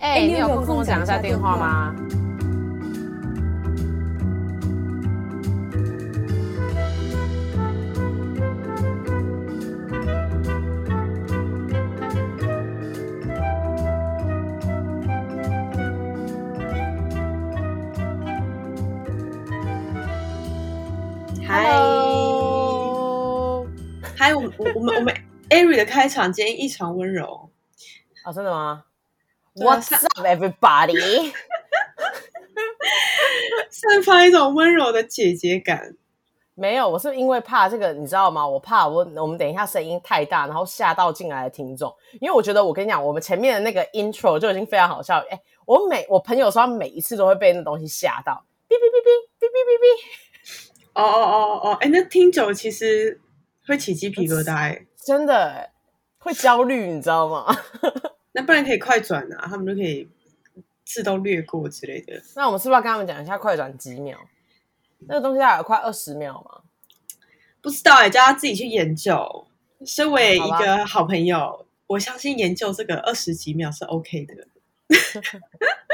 哎、欸欸，你有空跟我講一下電話嗎？嗨，嗨、欸， Hi、Hi, 我，我，我們，我們，Ari 的開場今天異常溫柔啊，oh, 真的嗎？What's up, everybody？散 發一種溫柔的姐姐感。沒有，我是因為怕這個，你知道嗎？我怕我我們等一下聲音太大，然後嚇到進來的聽眾。因為我覺得，我跟你講，我們前面的那個 intro 就已經非常好笑。哎，我每我朋友說，他每一次都會被那東西嚇到。嗶嗶嗶嗶，嗶嗶嗶哦哦哦哦，哎、oh, oh, oh, oh，那聽久其實會起雞皮疙瘩，真的會焦慮，你知道嗎？ 那不然可以快轉啊，他們就可以自動略過之類的。那我們是不是要跟他們講一下快轉幾秒？那個東西還有快二十秒嗎？不知道，也叫他自己去研究。身為一個好朋友，我相信研究這個二十幾秒是 OK 的。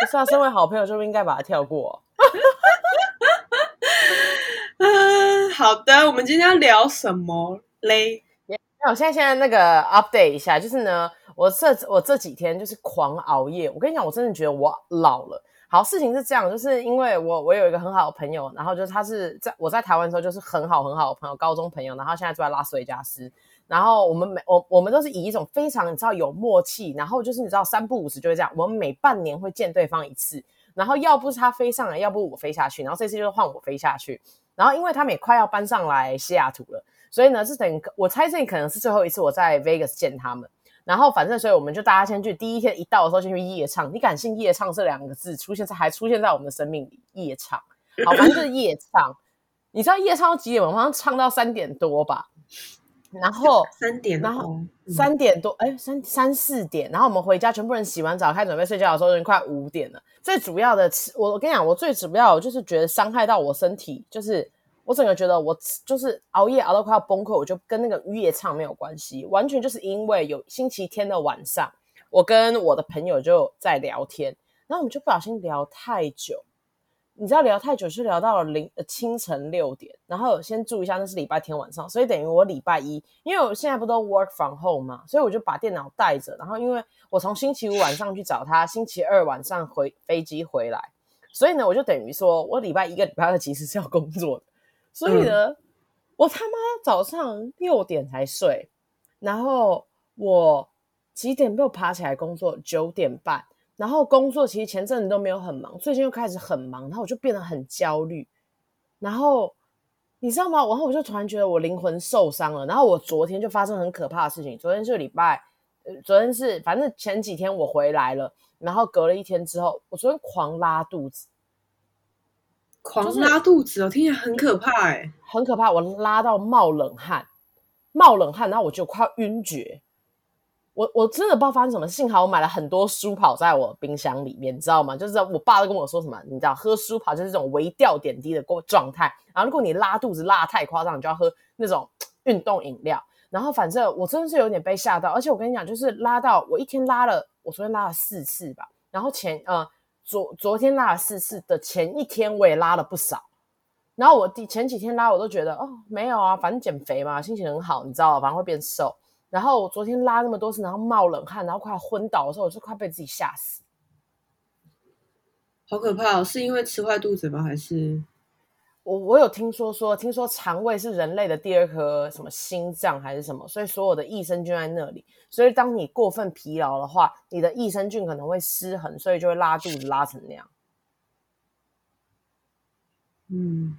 是啊，身為好朋友就不應該把它跳過。 嗯，好的。我們今天要聊什麼嘞？那、嗯、我現在現在那個 update 一下，就是呢。我這我這幾天就是狂熬夜，我跟你講，我真的覺得我老了。好，事情是這樣，就是因為我我有一個很好的朋友，然後就是他是在我在台灣的時候就是很好很好的朋友，高中朋友，然後現在住在拉斯維加斯，然後我們每我我們都是以一種非常你知道有默契，然後就是你知道三不五時就會這樣，我們每半年會見對方一次，然後要不是他飛上來，要不我飛下去，然後這次就是換我飛下去，然後因為他們也快要搬上來西雅圖了，所以呢，是等於，我猜這可能是最後一次我在 Vegas 見他們。然後，反正，所以我們就大家先去。第一天一到的時候，先去夜唱。你敢信夜唱這兩個字出現在還出現在我們的生命裡？夜唱，好，反正就是夜唱。 你知道夜唱到幾點嗎？我好像唱到三點多吧。然後三點多，然後三點多，哎、嗯，三三四點。然後我們回家，全部人洗完澡，開始準備睡覺的時候，已經快五點了。最主要的，我我跟你講，我最主要就是覺得傷害到我身體，就是。我整個覺得我就是熬夜熬到快要崩潰，我就跟那個夜唱沒有關係，完全就是因為有星期天的晚上，我跟我的朋友就在聊天，然後我們就不小心聊太久，你知道聊太久是聊到了零、呃、清晨六點，然後先注意一下那是禮拜天晚上，所以等於我禮拜一，因為我現在不都 work from home 嘛，所以我就把電腦帶着，然後因為我從星期五晚上去找他，星期二晚上回飛機回來，所以呢，我就等於說我禮拜一跟禮拜二其實是要工作的。所以呢，我他媽早上六點才睡，然後我幾點被我爬起來工作，九點半，然後工作其實前陣子都沒有很忙，最近又開始很忙，然後我就變得很焦慮，然後你知道嗎？然後我就突然覺得我靈魂受傷了，然後我昨天就發生很可怕的事情，昨天這個禮拜，呃，昨天是，反正前幾天我回來了，然後隔了一天之後，我昨天狂拉肚子。就是，狂拉肚子，哦就是，我聽起來很可怕哎，欸，很可怕！我拉到冒冷汗，冒冷汗，然後我就快暈厥。我我真的不知道發生什麼，幸好我買了很多舒跑在我冰箱裡面，你知道嗎？就是我爸都跟我說什麼，你知道喝舒跑就是這種微掉點滴的狀狀態。然後如果你拉肚子拉得太誇張，你就要喝那種運動飲料。然後反正我真的是有點被嚇到，而且我跟你講，就是拉到我一天拉了，我昨天拉了四次吧，然後前呃。昨昨天拉了四次的前一天，我也拉了不少。然後我第前幾天拉，我都覺得哦沒有啊，反正減肥嘛，心情很好，你知道，反正會變瘦。然後我昨天拉那麼多次，然後冒冷汗，然後快昏倒的時候，我就快被自己嚇死，好可怕哦！是因為吃壞肚子嗎？還是？我我有聽說說，聽說腸胃是人類的第二顆什麼心臟還是什麼，所以所有的益生菌在那裡。所以當你過分疲勞的話，你的益生菌可能會失衡，所以就會拉肚子拉成那樣。嗯，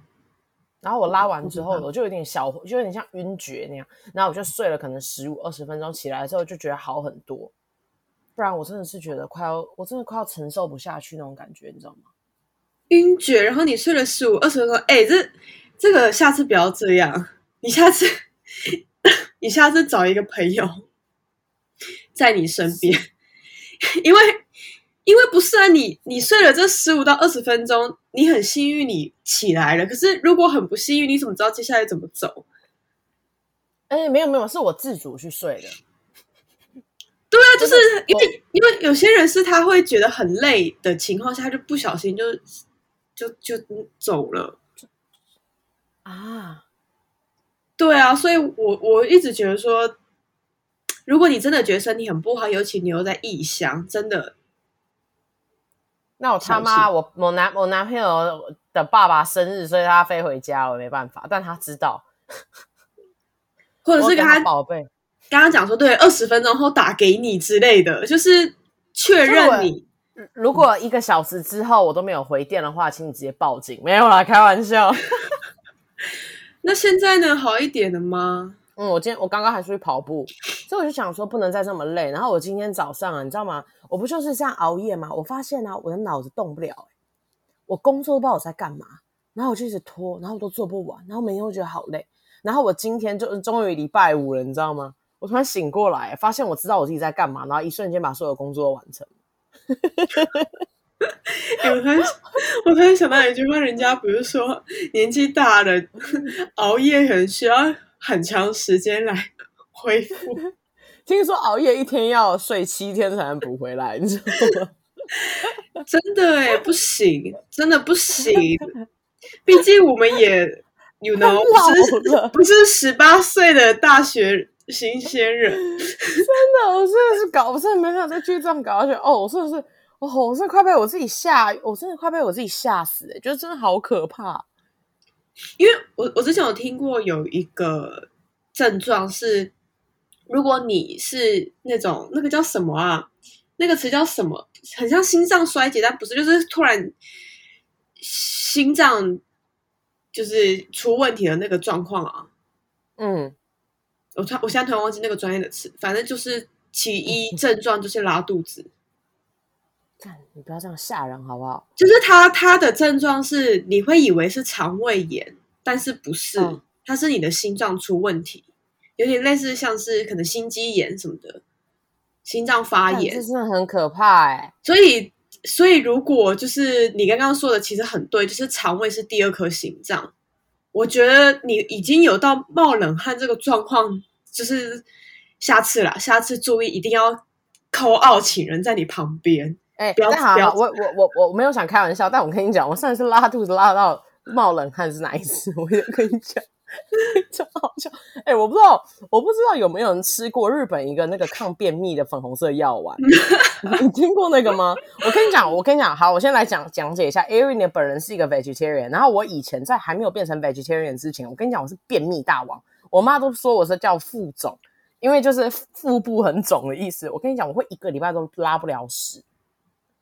然後我拉完之後，我就有點小，就有點像暈厥那樣。然後我就睡了，可能十五二十分鐘，起來之後就覺得好很多。不然我真的是覺得快要，我真的快要承受不下去那種感覺，你知道嗎？暈厥，然後你睡了十五二十分鐘，哎，這這個下次不要這樣，你下次你下次找一個朋友在你身邊，因為因為不是啊，你你睡了這十五到二十分鐘，你很幸運你起來了，可是如果很不幸運，你怎麼知道接下來怎麼走？哎，沒有沒有，是我自主去睡的。對啊，就是因為因為有些人是他會覺得很累的情況下，就不小心就。就就走了啊？對啊，所以我我一直覺得說，如果你真的覺得身體很不好，尤其你又在異鄉，真的，那我他媽我我男我男朋友的爸爸生日，所以他飛回家我沒辦法，但他知道， 或者是跟他，他寶貝剛剛講說，對，二十分鐘後打給你之類的，就是確認你。如果一個小時之後我都沒有回電的話，嗯、請你直接報警。沒有啦，開玩笑。 那現在呢？好一點了嗎？嗯，我今天我剛剛還出去跑步，所以我就想說不能再這麼累。然後我今天早上，啊，你知道嗎？我不就是這樣熬夜嗎？我發現啊，我的腦子動不了，欸，我工作都不知道我在幹嘛。然後我就一直拖，然後我都做不完，然後每天會覺得好累。然後我今天就終於禮拜五了，你知道嗎？我突然醒過來，發現我知道我自己在幹嘛，然後一瞬間把所有工作都完成。有 關、欸、我突然想到一句話，人家不是說年紀大了熬夜，很需要很長時間來恢復。聽說熬夜一天要睡七天才能補回來， 你知道嗎？真的哎、欸，不行，真的不行。畢竟我們也有呢 you know,，不是不是十八歲的大學新鮮人 ，真的， 我真的是搞，我真的沒想到這症狀搞而且，哦，我真的是，我我是快被我自己嚇，我真的快被我自己嚇死，哎，覺得真的好可怕。因為我我之前有聽過有一個症狀是，如果你是那種那個叫什麼啊，那個詞叫什麼，很像心臟衰竭，但不是，就是突然心臟就是出問題的那個狀況啊，嗯。我我我現在突然忘記那個專業的詞，反正就是其一症狀就是拉肚子。你不要這樣嚇人好不好？就是他他的症狀是你會以為是腸胃炎，但是不是，嗯、它是你的心臟出問題，有點類似像是可能心肌炎什麼的，心臟發炎，這是很可怕哎、欸。所以所以如果就是你剛剛說的，其實很對，就是腸胃是第二顆心臟。我覺得你已經有到冒冷汗這個狀況。就是下次了，下次注意一定要扣。傲，請人在你旁邊，哎、欸，不要好不要我我我我沒有想開玩笑， 但我跟你講，我上一次拉肚子拉到冒冷汗是哪一次？我跟你講， 超好笑，哎、欸，我不知道，我不知道有沒有人吃過日本一個那個抗便秘的粉紅色藥丸， 你聽過那個嗎？我跟你講，我跟你講，好，我先來講講解一下 Ariane 本人是一個 vegetarian，然後我以前在還沒有變成 vegetarian 之前，我跟你講，我是便秘大王。我媽都說我是叫腹腫，因為就是腹部很腫的意思。我跟你講，我會一個禮拜都拉不了屎。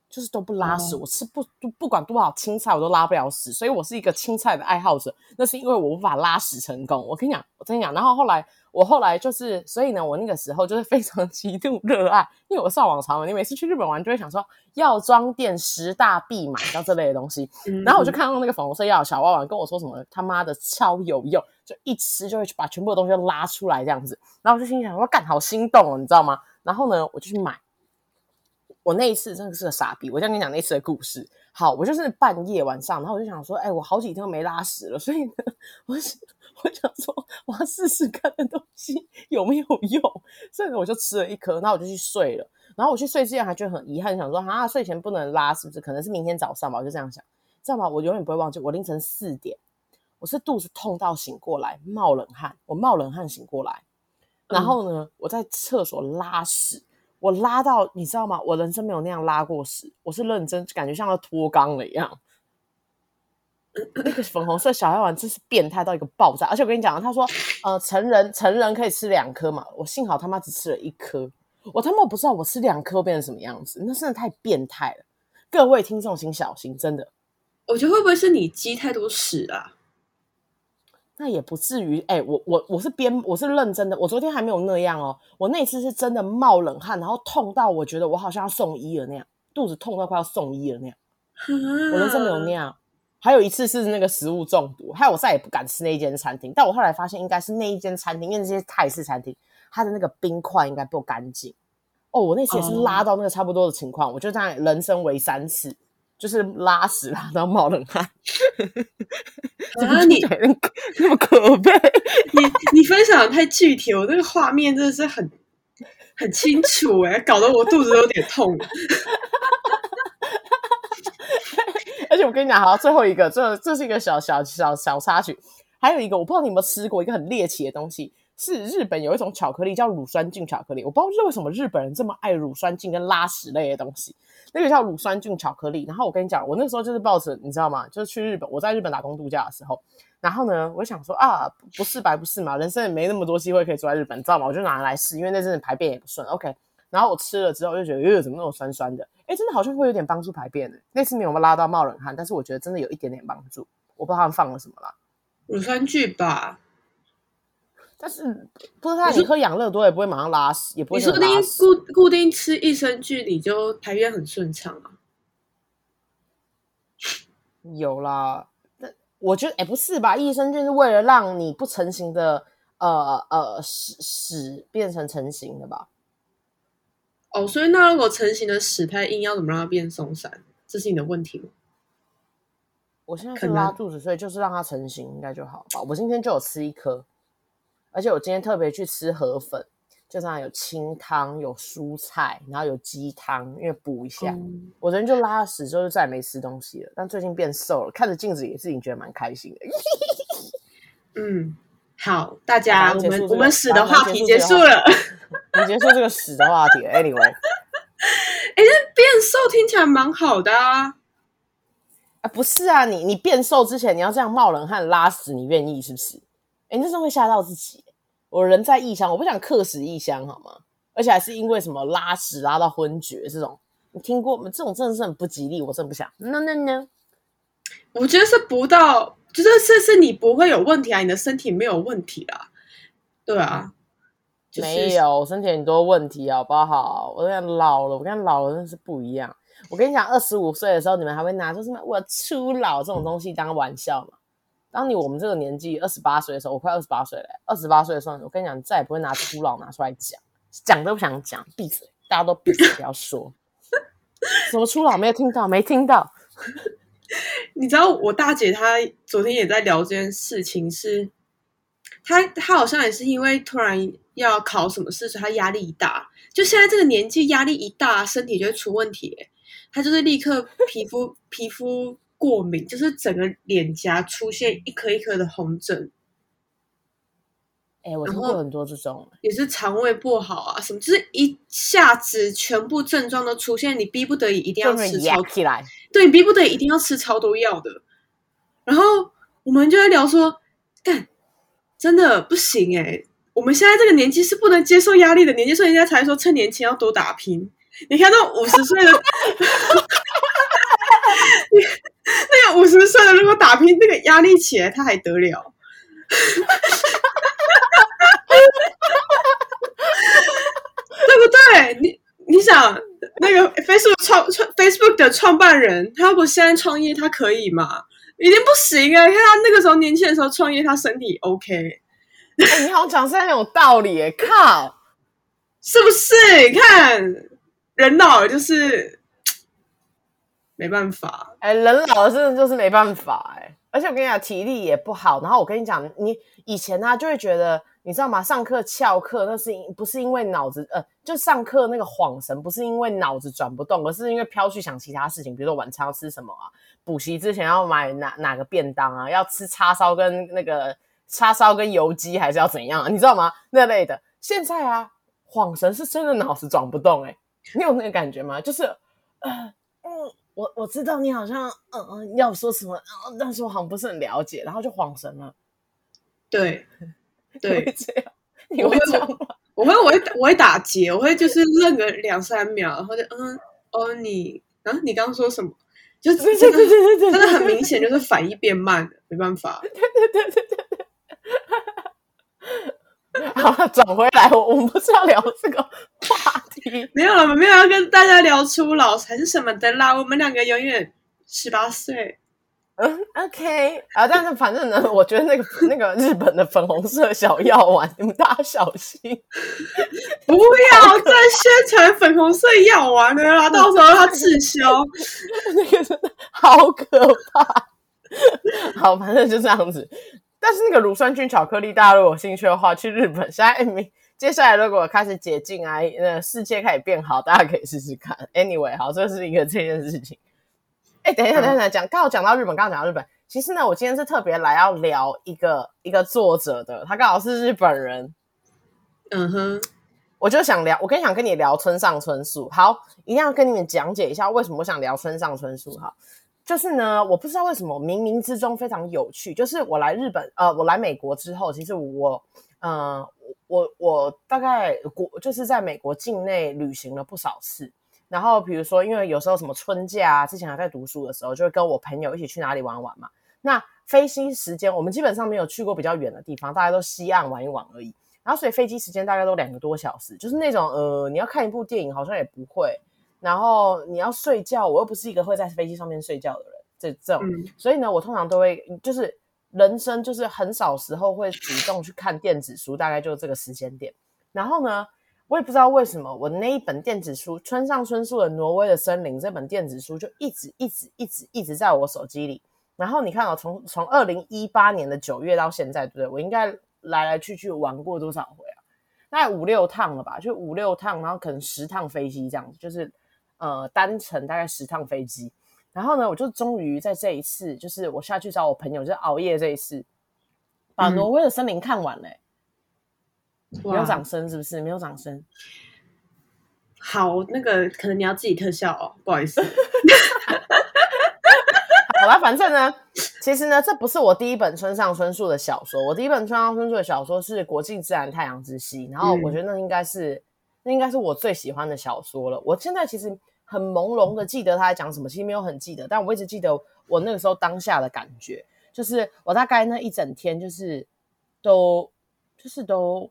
就是都不拉屎，oh. 我吃不，不管多少青菜，我都拉不了屎，所以我是一個青菜的愛好者。那是因為我無法拉屎成功。我跟你講，我跟你講。然後後來我後來就是，所以呢，我那個時候就是非常極度熱愛，因為我上網查嘛，你每次去日本玩就會想說藥妝店十大必買這樣這類的東西。Mm -hmm. 然後我就看到那個粉紅色藥小丸丸，跟我說什麼他媽的超有用，就一吃就會把全部的東西都拉出來這樣子。然後我就心想說，我幹好心動哦，你知道嗎？然後呢，我就去買。我那一次真的是個傻逼，我再跟你講那次的故事。好，我就是半夜晚上，然後我就想說，哎、欸，我好幾天都沒拉屎了，所以呢，我想，我想說，我要試試看的東西有沒有用，所以我就吃了一顆，然後我就去睡了。然後我去睡之前還覺得很遺憾，想說啊，睡前不能拉，是不是？可能是明天早上吧，我就這樣想，知道嗎？我永遠不會忘記，我凌晨四點，我是肚子痛到醒過來，冒冷汗，我冒冷汗醒過來，然後呢，嗯、我在廁所拉屎。我拉到，你知道嗎？我人生沒有那樣拉過屎，我是認真，感覺像要脫肛了一樣。 那個粉紅色小藥丸真是變態到一個爆炸，而且我跟你講他說，呃，成人成人可以吃兩顆嘛，我幸好他媽只吃了一顆，我他媽不知道我吃兩顆會變成什麼樣子，那真的太變態了。各位聽眾請小心，真的。我覺得會不會是你積太多屎啊？那也不至於。哎、欸，我我我是邊，我是認真的，我昨天還沒有那樣哦，我那次是真的冒冷汗，然後痛到我覺得我好像要送醫了那樣，肚子痛到快要送醫了那樣，啊、我真沒有尿。還有一次是那個食物中毒，害我再也不敢吃那一間餐廳。但我後來發現應該是那一間餐廳，因為那些泰式餐廳它的那個冰塊應該不乾淨。哦，我那次也是拉到那個差不多的情況、哦，我就在人生為三次。就是拉屎，然後冒冷汗啊！你那麼可悲，你你分享得太具體，我這個畫面真的是很很清楚、欸、 搞得我肚子都有點痛。 而且我跟你講，好，最後一個，這這是一個小小小小插曲，還有一個，我不知道你有沒有吃過一個很獵奇的東西。是日本有一種巧克力叫乳酸菌巧克力，我不知道是為什麼日本人這麼愛乳酸菌跟拉屎類的東西。那個叫乳酸菌巧克力。然後我跟你講，我那時候就是抱着你知道嗎？就是去日本，我在日本打工度假的時候，然後呢，我想說啊，不試白不試嘛，人生也沒那麼多機會可以住在日本，你知道嗎？我就拿來試，因為那陣排便也不順，OK。然後我吃了之後，又就覺得、欸、有怎麼那麼酸酸的？哎、欸，真的好像會有點幫助排便呢、欸。那次沒有拉到冒冷汗，但是我覺得真的有一點點幫助。我不知道他們放了什麼啦，乳酸菌吧。但是，不知道你喝養樂多也不會馬上拉屎，也不會。你說定固不固定吃益生菌，你就排便很順暢啊？有啦，但我覺得，哎、欸，不是吧？益生菌是為了讓你不成型的呃呃屎屎變成成型的吧？哦，所以那如果成型的屎它硬，要怎麼讓它變鬆散？這是你的問題嗎？我現在很拉肚子，所以就是讓它成型應該就好吧。我今天就有吃一顆。而且我今天特別去吃河粉，就那樣有清湯、有蔬菜，然後有雞湯，因為補一下、嗯。我昨天就拉了屎之後就再沒吃東西了，但最近變瘦了，看着鏡子也是已經覺得蠻開心的。 嗯，好，大家、哎這個、我們、這個、我們屎的話題結束了，我們結束這個屎的話題。Anyway， 哎，變瘦聽起來蠻好的啊。啊、哎，不是啊，你你變瘦之前你要這樣冒冷汗拉屎，你願意是不是？哎，那是會嚇到自己。我人在異鄉，我不想客死異鄉，好嗎？而且還是因為什麼拉屎拉到昏厥這種，你聽過嗎？這種真的是很不吉利，我真的不想。那那那，我覺得是不到，就是是是你不會有問題啊，你的身體沒有問題啦、啊。對啊，嗯就是、沒有身體很多問題好不好？我講老了，我講老了真的是不一樣。我跟你講，二十五歲的時候，你們還會拿出什麼我初老這種東西當玩笑嗎？當你我們這個年紀二十八歲的時候，我快二十八歲嘞，二十八歲的時候，我跟你講，你再也不會拿初老拿出來講，講都不想講，閉嘴，大家都閉嘴，不要說。什麼初老？沒有聽到，沒聽到。你知道我大姐她昨天也在聊這件事情是，是她她好像也是因為突然要考什麼試所以她壓力一大，就現在這個年紀壓力一大，身體就會出問題。她就是立刻皮膚皮膚。過敏就是整個臉頰出現一顆一顆的紅疹，哎、欸，我聽過很多這種，也是腸胃不好啊，什麼就是一下子全部症狀都出現，你逼不得已一定要吃超起來，對，你逼不得已一定要吃超多藥的。 然後我們就在聊說，幹，真的不行，哎、欸，我們現在這個年紀是不能接受壓力的，年紀，所以人家才說趁年輕要多打拼，你看那五十歲的。 Nash 那個五十歲的如果打拼，那個壓力起來他還得了？對不對？你你想那個 Facebook 創創 Facebook 的創辦人，他如果現在創業，他可以嗎？一定不行啊！你看他那個時候年輕的時候創業，他身體 OK。哎、你好，講的很有道理耶！靠，是不是？你看人老了就是沒辦法。哎、欸，人老了真的就是沒辦法哎、欸，而且我跟你講，體力也不好。然後我跟你講，你以前呢、啊、就會覺得，你知道嗎？上課翹課那是因不是因為腦子呃，就上課那個恍神，不是因為腦子轉不動，而是因為飄去想其他事情，比如說晚餐要吃什麼啊，補習之前要買哪哪個便當啊，要吃叉燒跟那個叉燒跟油雞還是要怎樣啊？你知道嗎？那類的。現在啊，恍神是真的腦子轉不動哎、欸，你有那個感覺嗎？就是，呃、嗯。我我知道你好像嗯嗯要說什麼，然後但是我好像不是很了解，然後就恍神了。對，對，會這樣？你會嗎？我會，我會，我會打結，我會就是愣個兩三秒，然後就嗯哦、嗯嗯、你，然、啊、後你剛剛說什麼？就真的真的這個很明顯，就是反應變慢沒辦法。對對對對對對。好，轉回來，我我們不是要聊這個話。沒有了，沒有要跟大家聊初老是，還是什麼的啦。我們兩個永遠十八歲，嗯，OK 啊。但是反正呢， 我覺得那個那個日本的粉紅色小藥丸，你們大家小心， 不要再宣傳粉紅色藥丸了啦， 要 到時候它滯銷， 那個真的好可怕。 好，反正就這樣子。但是那個乳酸菌巧克力大家如果有興趣的話，去日本塞米。現在欸。接下來如果開始解禁啊，呃，世界開始變好，大家可以試試看。Anyway，好，這是一個這件事情。哎、欸，等一下，嗯、等一下，講剛好講到日本，剛好講到日本。其實呢，我今天是特別來要聊一個一個作者的，他剛好是日本人。嗯哼，我就想聊，我更想跟你聊村上春樹。好，一定要跟你們講解一下為什麼我想聊村上春樹。哈，就是呢，我不知道為什麼，冥冥之中非常有趣。就是我來日本，呃，我來美國之後，其實我，嗯、呃。我我大概國就是在美國境內旅行了不少次，然後比如說，因為有時候什麼春假啊，之前還在讀書的時候，就會跟我朋友一起去哪裡玩玩嘛。那飛機時間，我們基本上沒有去過比較遠的地方，大家都西岸玩一玩而已。然後所以飛機時間大概都兩個多小時，就是那種呃，你要看一部電影好像也不會，然後你要睡覺，我又不是一個會在飛機上面睡覺的人，這這種、嗯，所以呢，我通常都會就是。人生就是很少時候會主動去看電子書，大概就是這個時間點。然後呢，我也不知道為什麼，我那一本電子書《村上春樹的挪威的森林》這本電子書就一直一直一直一直在我手機裡。然後你看哦，從從二零一八年的九月到現在，對不對？我應該來來去去玩過多少回啊？大概五六趟了吧，就五六趟，然後可能十趟飛機這樣子，就是呃單程大概十趟飛機。然後呢，我就終於在這一次，就是我下去找我朋友，就是、熬夜這一次，把挪威的森林看完嘞、嗯。沒有掌聲是不是？沒有掌聲。好，那個可能你要自己特效哦，不好意思。 好啦，反正呢，其實呢，這不是我第一本村上春樹的小說，我第一本村上春樹的小說是《國境之南，太陽之西》，然後我覺得那應該是、嗯、那應該是我最喜歡的小說了。我現在其實。很朦朧的記得他在講什麼，其實沒有很記得，但我一直記得我那個時候當下的感覺，就是我大概那一整天就是都就是都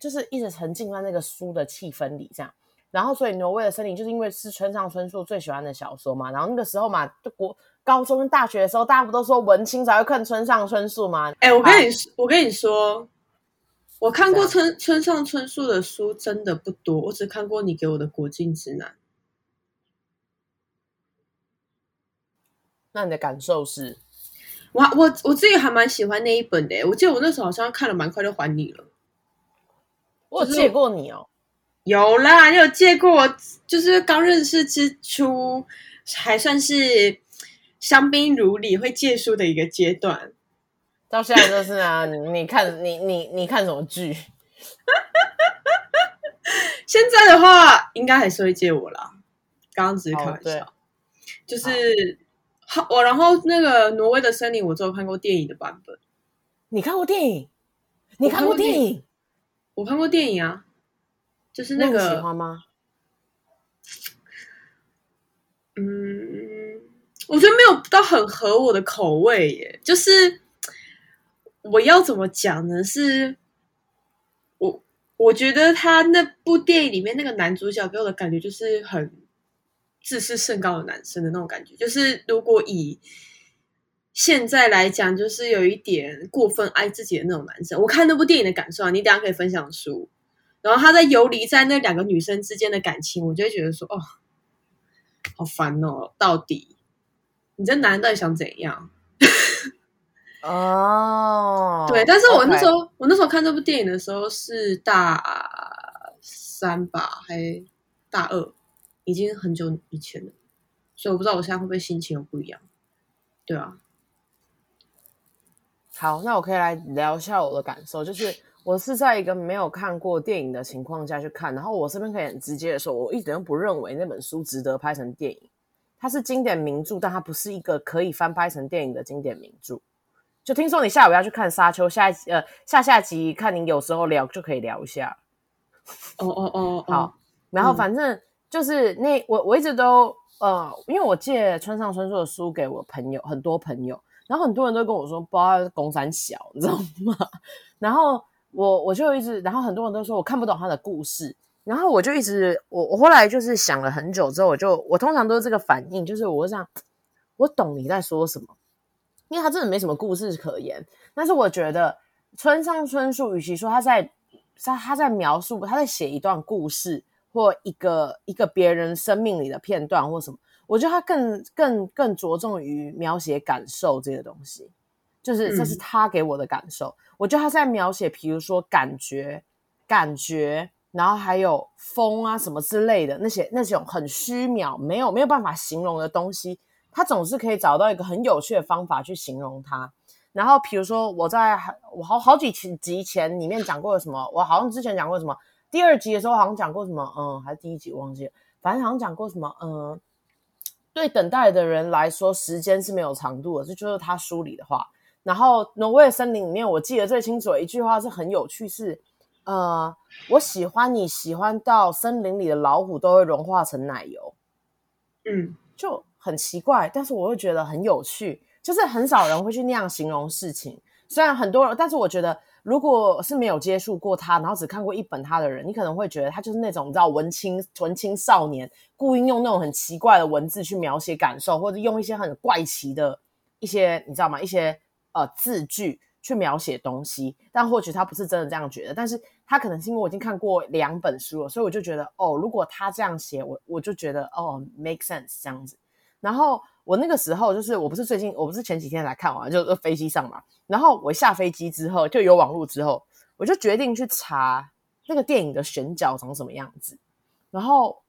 就是一直沉浸在那個書的氣氛裡，這樣。然後，所以挪威的森林就是因為是村上春樹最喜歡的小說嘛。然後那個時候嘛，就國高中、跟大學的時候，大家不都說文青才會看村上春樹嗎？哎、欸，我跟你我跟你說，我看過村、啊、村上春樹的書真的不多，我只看過你給我的《國境之南》。那你的感受是，我我我自己還蠻喜歡那一本的、欸。我記得我那時候好像看了蠻快就還你了。我有借過你哦，就是、有啦，你有借過我，就是剛認識之初，還算是相敬如賓會借書的一個階段。到現在就是啊， 你,你看你你你看什麼劇？ 現在的話應該還是會借我啦，剛剛只是開玩笑，oh, 對就是。Oh. 我然後那個挪威的森林，我只有看過電影的版本。你看過電影？你看過電影？我看過電影，我看過電影啊，就是那個，喜歡嗎？嗯，我覺得沒有到很合我的口味耶。就是我要怎麼講呢？是，我我覺得他那部電影裡面那個男主角給我的感覺就是很。自視甚高的男生的那種感覺，就是如果以現在來講，就是有一點過分愛自己的那種男生。我看那部電影的感受啊，你等一下可以分享書。然後他在游離在那兩個女生之間的感情，我就會覺得說：“哦，好煩哦，到底你這男人到底想怎樣？”哦、oh, 對。但是我那時候、okay. 我那時候看這部電影的時候是大三吧，還大二。已經很久以前了，所以我不知道我現在會不會心情有不一樣，對啊。好，那我可以來聊一下我的感受，就是我是在一個沒有看過電影的情況下去看，然後我這邊可以很直接的說，我一點都不認為那本書值得拍成電影。它是經典名著，但它不是一個可以翻拍成電影的經典名著。就聽說你下午要去看《沙丘》，下一集呃下下集看，你有時候聊就可以聊一下。哦哦哦，好，然後反正。嗯就是那我我一直都呃，因為我借村上春樹的書給我朋友，很多朋友，然後很多人都跟我說，不知道他是供三小，你知道嗎？然後我我就一直，然後很多人都說我看不懂他的故事，然後我就一直，我我後來就是想了很久之後，我就我通常都是這個反應，就是我就想我懂你在說什麼，因為他真的沒什麼故事可言，但是我覺得村上春樹，與其說他在在他在描述，他在寫一段故事。或一個一個別人生命裡的片段或什麼，我覺得他更更更着重於描寫感受這個東西，就是這是他給我的感受。嗯、我覺得他在描寫，比如說感覺、感覺，然後還有風啊什麼之類的那些那種很虛渺、沒有沒有辦法形容的東西，他總是可以找到一個很有趣的方法去形容它。然後比如說我在我好好幾集集前裡面講過什麼，我好像之前講過什麼。第二集的時候好像講過什麼，嗯，還是第一集忘記了，反正好像講過什麼，嗯，對等待的人來說，時間是沒有長度的，這就,就是他書裡的話。然後挪威的森林裡面，我記得最清楚的一句話是很有趣，是呃，我喜歡你喜歡到森林裡的老虎都會融化成奶油，嗯，就很奇怪，但是我會覺得很有趣，就是很少人會去那樣形容事情。雖然很多人，但是我覺得。如果是沒有接觸過他，然後只看過一本他的人，你可能會覺得他就是那種你知道文青、純青少年，故意用那種很奇怪的文字去描寫感受，或者用一些很怪奇的一些你知道嗎？一些呃字句去描寫東西。但或許他不是真的這樣覺得，但是他可能是因為我已經看過兩本書了，所以我就覺得哦，如果他這樣寫，我我就覺得哦，make sense 這樣子。然後我那個時候就是，我不是最近，我不是前幾天才看完，就飛機上嘛。然後我下飛機之後就有網絡之後，我就決定去查那個電影的選角長什麼樣子。然後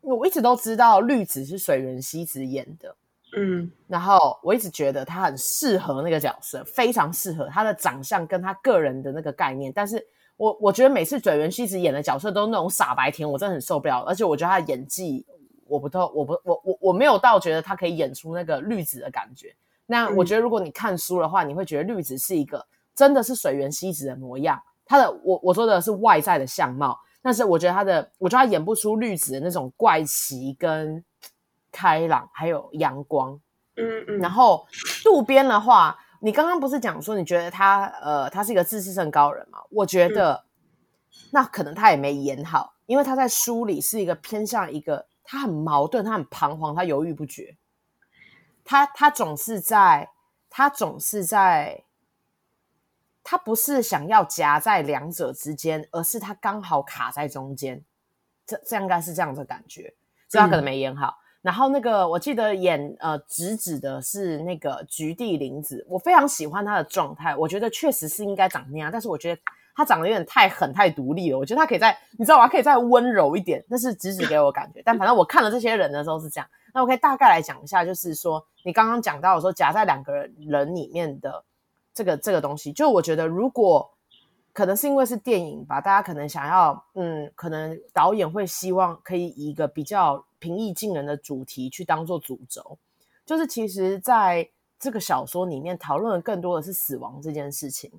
我一直都知道綠子是水原希子演的，嗯。然後我一直覺得她很適合那個角色，非常適合她的長相跟她個人的那個概念。但是我我覺得每次水原希子演的角色都那種傻白甜，我真的很受不了。而且我覺得她的演技。我不透，我不，我我我沒有到覺得他可以演出那個綠子的感覺。那我覺得如果你看書的話，嗯、你會覺得綠子是一個真的是水原希子的模樣。他的，我我說的是外在的相貌，但是我覺得他的，我覺得他演不出綠子的那種怪奇跟開朗，還有陽光。嗯嗯。然後渡邊的話，你剛剛不是講說你覺得他呃他是一個自視甚高人嗎？我覺得、嗯、那可能他也沒演好，因為他在書裡是一個偏向一個。他很矛盾，他很彷徨，他猶豫不決，他他總是在，他總是在，他不是想要夾在兩者之間，而是他剛好卡在中間，這這應該是這樣的感覺，所以他可能沒演好。嗯、然後那個我記得演呃直子的是那個菊地凜子，我非常喜歡他的狀態，我覺得確實是應該長那樣，但是我覺得。他長得有點太狠，太獨立了，我覺得他可以再，你知道嗎？可以再溫柔一點。那是直指給我感覺，但反正我看了這些人的時候是這樣。那我可以大概來講一下，就是說你剛剛講到的時候，夾在兩個人人裡面的這個這個東西，就我覺得如果可能是因為是電影吧，大家可能想要，嗯，可能導演會希望可以以一個比較平易近人的主題去當做主軸，就是其實在這個小說裡面討論的更多的是死亡這件事情。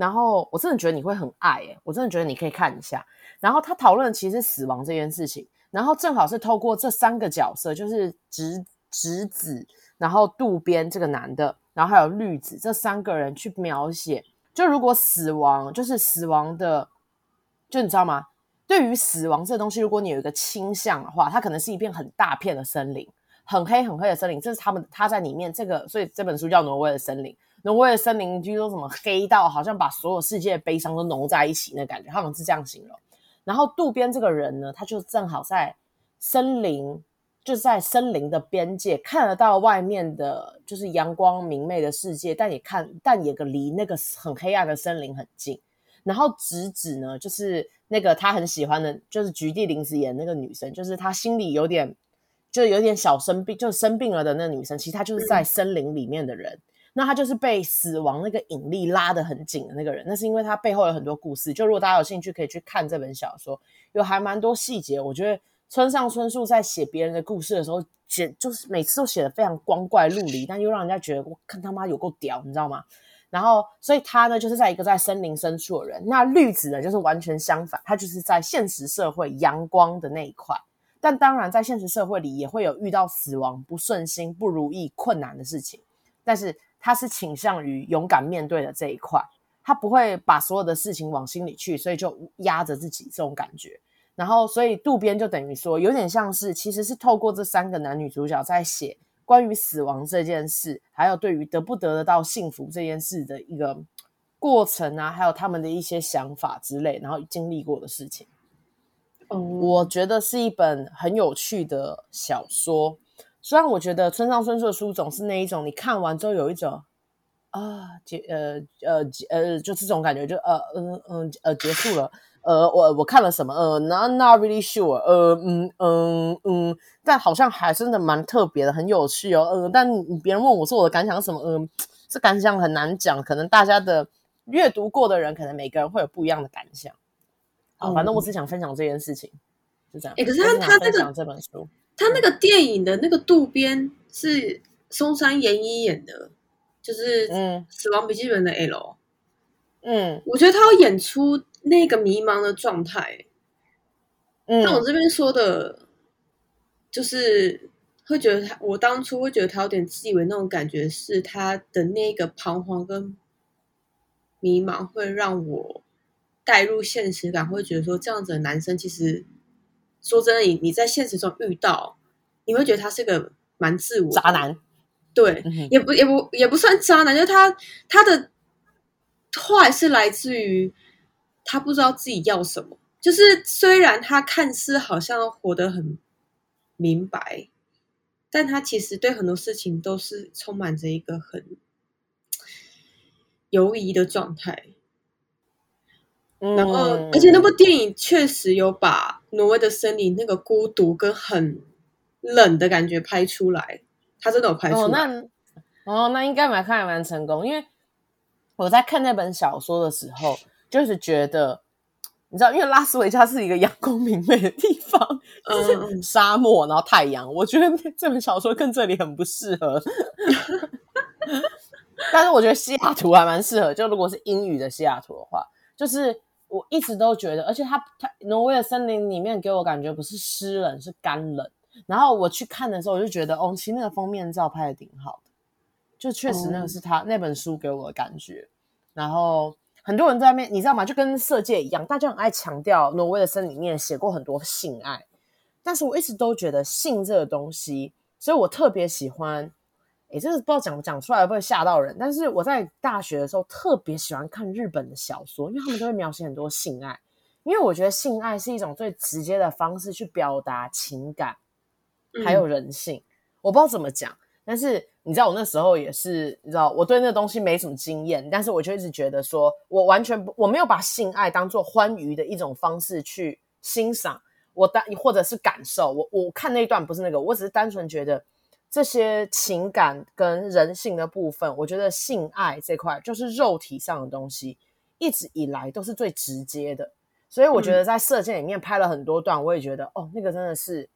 然後我真的覺得你會很愛、欸、我真的覺得你可以看一下。然後他討論的其實死亡這件事情，然後正好是透過這三個角色，就是直子、直子，然後渡邊這個男的，然後還有綠子這三個人去描寫。就如果死亡，就是死亡的，就你知道嗎？對於死亡這東西，如果你有一個傾向的話，它可能是一片很大片的森林，很黑很黑的森林。這是他們他在裡面這個，所以這本書叫《挪威的森林》。挪威的森林，據說什麼黑到好像把所有世界的悲傷都融在一起那感覺，他們是這樣形容。然後渡邊這個人呢，他就正好在森林，就是在森林的邊界，看得到外面的就是陽光明媚的世界，但也看但也個離那個很黑暗的森林很近。然後直子，子呢，就是那個他很喜歡的，就是菊地凜子演那個女生，就是他心裡有點，就是有點小生病，就是生病了的那個女生，其實她就是在森林裡面的人。嗯那他就是被死亡那個引力拉得很緊的那個人，那是因為他背後有很多故事。就如果大家有興趣，可以去看這本小說，有還蠻多細節。我覺得村上春樹在寫別人的故事的時候，寫，就是每次都寫得非常光怪陸離，但又讓人家覺得我看他媽有夠屌，你知道嗎？然後，所以他呢就是在一個在森林深處的人。那綠子呢就是完全相反，他就是在現實社會陽光的那一塊。但當然，在現實社會裡也會有遇到死亡、不順心、不如意、困難的事情，但是。他是傾向於勇敢面對的這一塊，他不會把所有的事情往心裡去，所以就壓着自己這種感覺。然後，所以渡邊就等於說，有點像是其實是透過這三個男女主角在寫關於死亡這件事，還有對於得不得得到幸福這件事的一個過程啊，還有他們的一些想法之類，然後經歷過的事情。嗯，我覺得是一本很有趣的小說。雖然我覺得村上春樹的書總是那一種，你看完之後有一種啊結呃結呃呃就這種感覺，就呃嗯嗯呃，呃結束了。呃，我我看了什麼？呃 not,，Not really sure 呃。呃嗯嗯嗯，但好像還真的蠻特別的，很有趣哦。呃，但別人問我說我的感想是什麼？呃，這感想很難講，可能大家的閱讀過的人，可能每個人會有不一樣的感想。啊，反正我只想分享這件事情，嗯、就這樣。哎、欸，可是他他這個這本書。他那個電影的那個渡邊是松山研一演的，就是《死亡筆記本》的 L。嗯，我覺得他要演出那個迷茫的狀態。嗯，但我這邊說的，就是會覺得他，我當初會覺得他有點自以為那種感覺，是他的那個彷徨跟迷茫，會讓我帶入現實感，會覺得說這樣子的男生其實。說真的，你你在現實中遇到，你會覺得他是個蠻自我渣男。對，嗯、也不也不也不算渣男，就是、他他的壞是來自於他不知道自己要什麼。就是雖然他看似好像活得很明白，但他其實對很多事情都是充滿着一個很猶疑的狀態。然後，而且那部電影確實有把挪威的森林那個孤獨跟很冷的感覺拍出來，它真的有拍出來哦，那哦，那應該蠻看還蠻成功，因為我在看那本小說的時候，就是覺得你知道，因為拉斯維加斯是一個陽光明媚的地方，就、嗯、是沙漠，然後太陽，我覺得這本小說跟這裡很不適合， 但是我覺得西雅圖還蠻適合，就如果是陰鬱的西雅圖的話，就是。我一直都覺得，而且它它挪威的森林裡面給我感覺不是濕冷，是乾冷。然後我去看的時候，我就覺得，哦，其實那個封面照拍的挺好的，就確實那個是他、嗯、那本書給我的感覺。然後很多人在面，你知道嗎？就跟色戒一樣，大家很愛強調挪威的森林裡面寫過很多性愛，但是我一直都覺得性這個東西，所以我特別喜歡。哎、欸，這是不知道講不講出來會不會嚇到人？但是我在大學的時候特別喜歡看日本的小說，因為他們都會描寫很多性愛，因為我覺得性愛是一種最直接的方式去表達情感，還有人性。嗯、我不知道怎麼講，但是你知道，我那時候也是，你知道，我對那個東西沒什麼經驗，但是我就一直覺得說，說我完全不，我沒有把性愛當做歡愉的一種方式去欣賞，我當或者是感受。我我看那一段不是那個，我只是單純覺得。這些情感跟人性的部分，我覺得性愛這塊就是肉體上的東西，一直以來都是最直接的。所以我覺得在色戒裡面拍了很多段，嗯、我也覺得哦，那個真的是，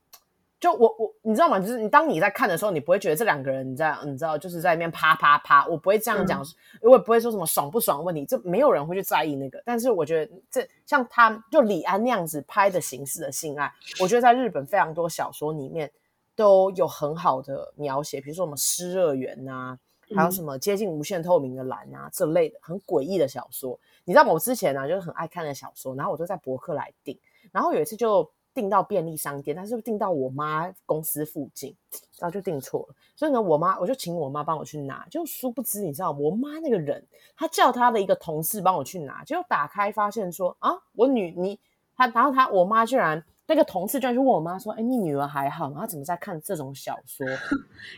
就我我你知道嗎？就是你當你在看的時候，你不會覺得這兩個人你在你知道就是在裡面啪啪啪啪，我不會這樣講，嗯，我也不會說什麼爽不爽的問題，就沒有人會去在意那個。但是我覺得這像他就李安那樣子拍的形式的性愛，我覺得在日本非常多小說裡面都有很好的描寫，比如說什麼失樂園吶、啊，還有什麼接近無限透明的藍啊、嗯、這類的很詭異的小說。你知道嗎？我之前呢、啊、就是很愛看的小說，然後我就在博客來訂，然後有一次就訂到便利商店，但是訂到我媽公司附近，然後就訂錯了。所以呢，我媽我就請我媽幫我去拿，就殊不知你知道嗎？我媽那個人，她叫她的一個同事幫我去拿，結果打開發現說啊，我女你她，然後她我媽居然。那個同事居然去問我媽說：“哎、欸，你女兒還好嗎？她怎麼在看這種小說？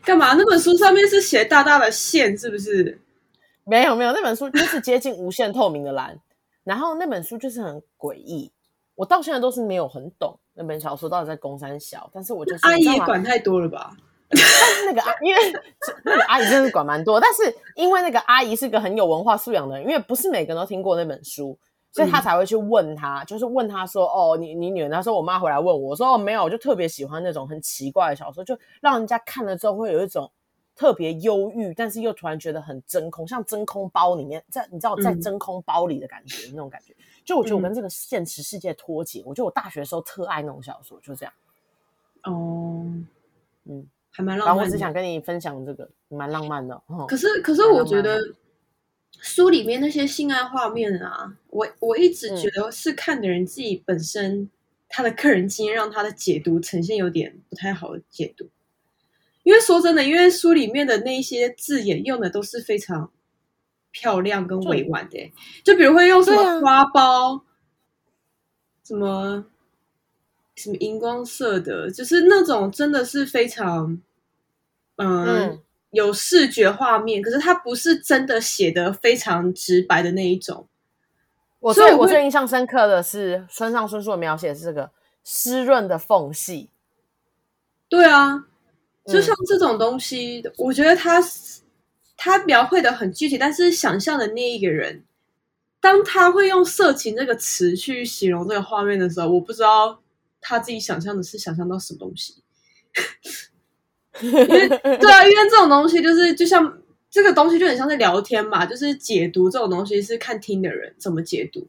幹 嘛？那本書上面是寫大大的線，是不是？沒有沒有，那本書就是接近無限透明的藍， 然後那本書就是很詭異。我到現在都是沒有很懂那本小說到底在攻三小，但是我就是說你知道嗎？阿姨管太多了吧？ 但是那個阿姨因為那個阿姨真的是管蠻多，但是因為那個阿姨是個很有文化素養的人，因為不是每個人都聽過那本書。”所以他才會去問他、嗯，就是問他說：“哦，你你女兒？”他說：“我媽回來問我，我說：‘哦，沒有，我就特別喜歡那種很奇怪的小說，就讓人家看了之後會有一種特別憂鬱，但是又突然覺得很真空，像真空包裡面，在你知道在真空包裡的感覺、嗯、那種感覺。’就我覺得我跟這個現實世界脫節。嗯、我覺得我大學的時候特愛那種小說，就這樣。哦，嗯，還蠻浪漫的。然後我只想跟你分享這個，蠻浪漫的。嗯、可是可是我覺得。書裡面那些性愛畫面啊，我我一直覺得是看的人自己本身、嗯、他的個人經驗讓他的解讀呈現有點不太好的解讀。因為說真的，因為書裡面的那些字眼用的都是非常漂亮跟委婉的、欸、就，就比如會用什麼花苞，啊、什麼什麼熒光色的，就是那種真的是非常、呃、嗯。有視覺畫面，可是他不是真的寫得非常直白的那一種。所以，我最印象深刻的是村上春樹描寫的是這個濕潤的縫隙。對啊，就像這種東西，嗯、我覺得他他描繪的很具體，但是想象的那一個人，當他會用色情這個詞去形容這個畫面的時候，我不知道他自己想象的是想象到什麼東西。 因為對啊，因為這種東西就是就像這個東西就很像是聊天嘛，就是解讀這種東西是看聽的人怎麼解讀。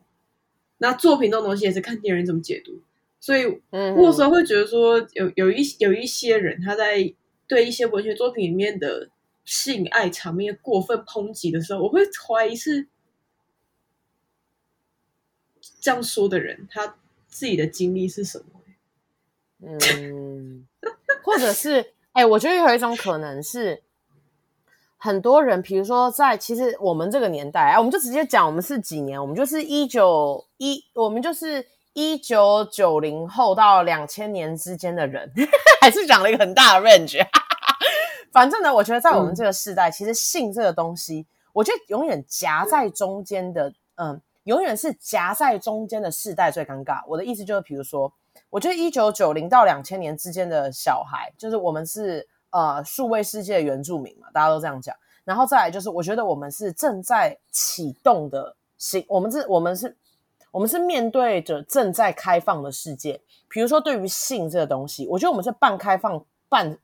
那作品這種東西也是看聽的人怎麼解讀，所以我有時候會覺得說有有一有一些人他在對一些文學作品裡面的性愛場面過分抨擊的時候，我會懷疑是這樣說的人他自己的經歷是什麼，嗯， 或者是。哎、欸，我覺得有一種可能是，很多人，比如說在其實我們這個年代啊，我們就直接講我們是幾年，我們就是一九一，我們就是一九九零後到兩千年之間的人， 還是講了一個很大的 range。 反正呢，我覺得在我們這個世代，嗯、其實性這個東西，我覺得永遠夾在中間的，嗯，永遠是夾在中間的世代最尷尬。我的意思就是，比如說。我覺得一九九零到兩千年之間的小孩，就是我們是呃數位世界的原住民嘛，大家都這樣講。然後再來就是，我覺得我們是正在啟動的性，我們是，我們是，我們是面對着正在開放的世界。比如說，對於性這個東西，我覺得我們是半開放、半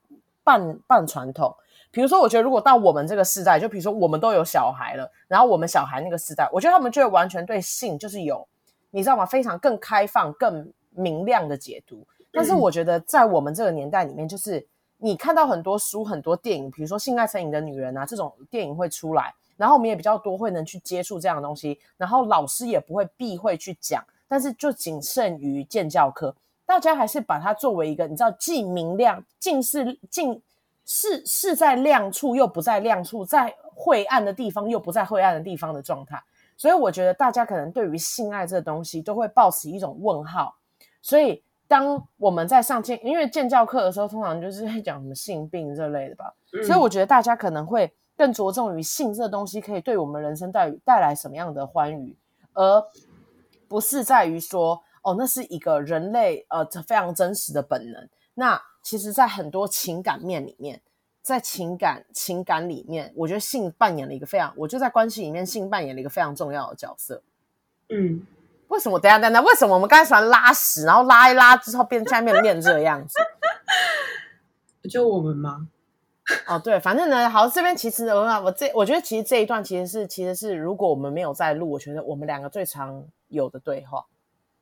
半半傳統。比如說，我覺得如果到我們這個世代，就比如說我們都有小孩了，然後我們小孩那個時代，我覺得他們就會完全對性就是有，你知道嗎？非常更開放、更明亮的解讀，但是我覺得在我們這個年代裡面，就是你看到很多書、很多電影，比如說《性愛成癮的女人》啊這種電影會出來，然後我們也比較多會能去接觸這樣的東西，然後老師也不會避諱去講，但是就僅限於健教課，大家還是把它作為一個你知道，既明亮，既是既是是在亮處，又不在亮處，在晦暗的地方，又不在晦暗的地方的狀態，所以我覺得大家可能對於性愛這個東西都會抱持一種問號。所以，當我們在上健，因為健教課的時候，通常就是會講什麼性病這類的吧。所以，我覺得大家可能會更着重於性這東西可以對我們人生帶帶來什麼樣的歡愉，而不是在於說，哦，那是一個人類呃非常真實的本能。那其實，在很多情感面裡面，在情感情感裡面，我覺得性扮演了一個非常，我就在關係裡面，性扮演了一個非常重要的角色。嗯。為什麼？等下，等下，為什麼我們剛才喜歡拉屎，然後拉一拉之後變下面面這樣子？ 就我們嗎？哦，對，反正呢，好，這邊其實我我這我覺得其實這一段其實是其實是如果我們沒有在錄，我覺得我們兩個最常有的對話，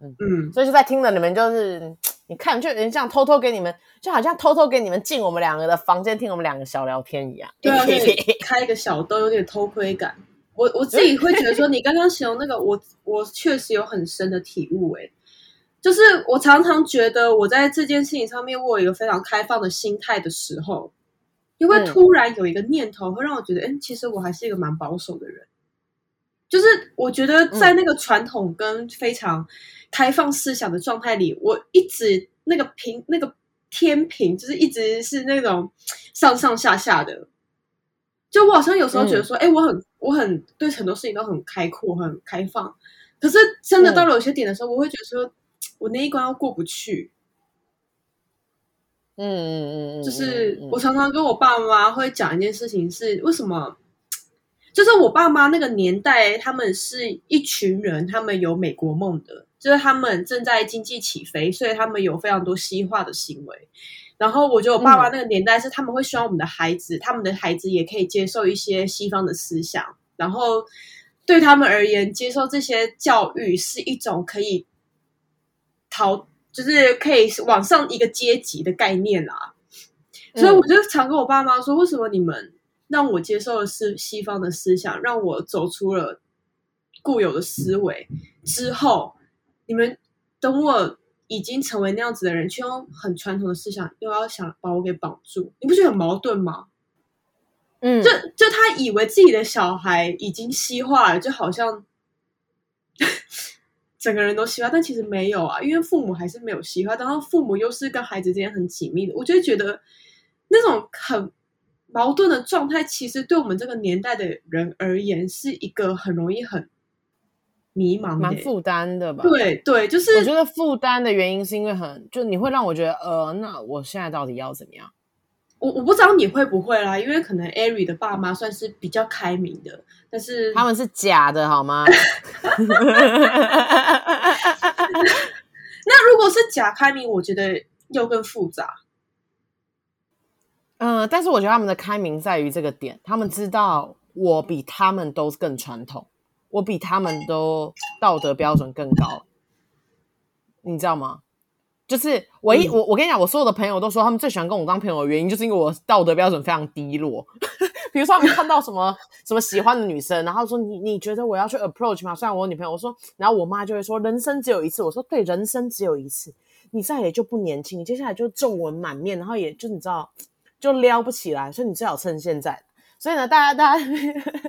嗯嗯，所以就在聽的你們，就是你看，就有點像偷偷給你們，就好像偷偷給你們進我們兩個的房間聽我們兩個小聊天一樣，對、啊， 開一個小洞，有點偷窺感。 我我自己會覺得說，你剛剛形容那個我， 我我確實有很深的體悟，欸。誒，就是我常常覺得，我在這件事情上面，我有一個非常開放的心態的時候，因為，會突然有一個念頭，會讓我覺得，哎，嗯欸，其實我還是一個蠻保守的人。就是我覺得，在那個傳統跟非常開放思想的狀態裡，嗯、我一直那個平那個天平，就是一直是那種上上下下的。就我好像有時候覺得說，哎、欸，我很我很對很多事情都很開闊、很開放，可是真的到了有些點的時候，嗯、我會覺得說，我那一關要過不去。嗯嗯嗯嗯，就是我常常跟我爸媽會講一件事情是，是為什麼？就是我爸媽那個年代，他們是一群人，他們有美國夢的，就是他們正在經濟起飛，所以他們有非常多西化的行為。然後我覺得我爸爸那個年代是他們會希望我們的孩子，嗯，他們的孩子也可以接受一些西方的思想，然後對他們而言，接受這些教育是一種可以逃，就是可以往上一個階級的概念啦，啊。所以我就常跟我爸媽說，嗯、為什麼你們讓我接受的是西方的思想，讓我走出了固有的思維之後，你們等我，已經成為那樣子的人，卻用很傳統的思想，又要想把我給綁住，你不覺得很矛盾嗎？嗯，就就他以為自己的小孩已經西化了，就好像 整個人都西化，但其實沒有啊，因為父母還是沒有西化。然後父母又是跟孩子之間很緊密的，我就覺得那種很矛盾的狀態，其實對我們這個年代的人而言，是一個很容易很。迷茫，蠻負擔的吧？對對，就是我覺得負擔的原因是因為很，就你會讓我覺得，呃，那我現在到底要怎麼樣？我我不知道你會不會啦，因為可能艾瑞的爸媽算是比較開明的，但是他們是假的好嗎？ 那如果是假開明，我覺得又更複雜。嗯、呃，但是我覺得他們的開明在於這個點，他們知道我比他們都是更傳統。我比他們都道德標準更高，你知道嗎？就是我一我我跟你講，我所有的朋友都說，他們最喜歡跟我當朋友的原因，就是因為我道德標準非常低落。 比如說，他們看到什麼 什麼喜歡的女生，然後說你你覺得我要去 approach 嗎？雖然我有女朋友，我說，然後我媽就會說人生只有一次，我說對，人生只有一次，你再也就不年輕，你接下來就皺紋滿面，然後也就你知道就撩不起來，所以你最好趁現在。所以呢，大家，大家呵呵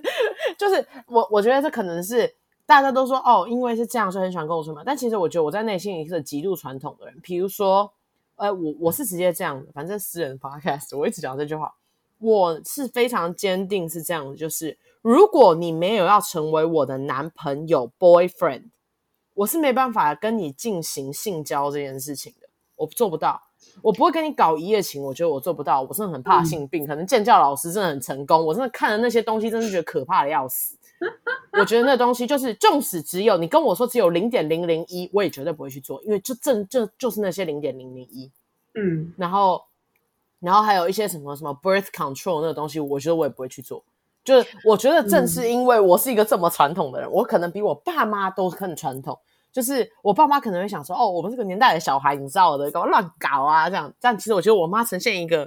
就是我，我覺得這可能是大家都說哦，因為是這樣，所以很喜歡跟我說嘛。但其實我覺得我在內心裡是個極度傳統的人。比如說，呃，我我是直接這樣的，反正私人 podcast 我一直講這句話，我是非常堅定是這樣的，就是如果你沒有要成為我的男朋友 boyfriend，我是沒辦法跟你進行性交這件事情的，我做不到。我不會跟你搞一夜情，我覺得我做不到，我真的很怕性病。嗯、可能健教老師真的很成功，我真的看了那些東西，真的覺得可怕的要死。 我覺得那東西就是，縱使只有你跟我說只有零點零零一，我也絕對不會去做，因為這正這就，就是那些零點零零一。嗯，然後，然後還有一些什麼什麼 birth control 那個東西，我覺得我也不會去做。就是我覺得，正是因為我是一個這麼傳統的人，嗯，我可能比我爸媽都更傳統。就是我爸媽可能會想說：“哦，我們這個年代的小孩，你知道的，搞亂搞啊，這樣。”但其實我覺得我媽呈現一個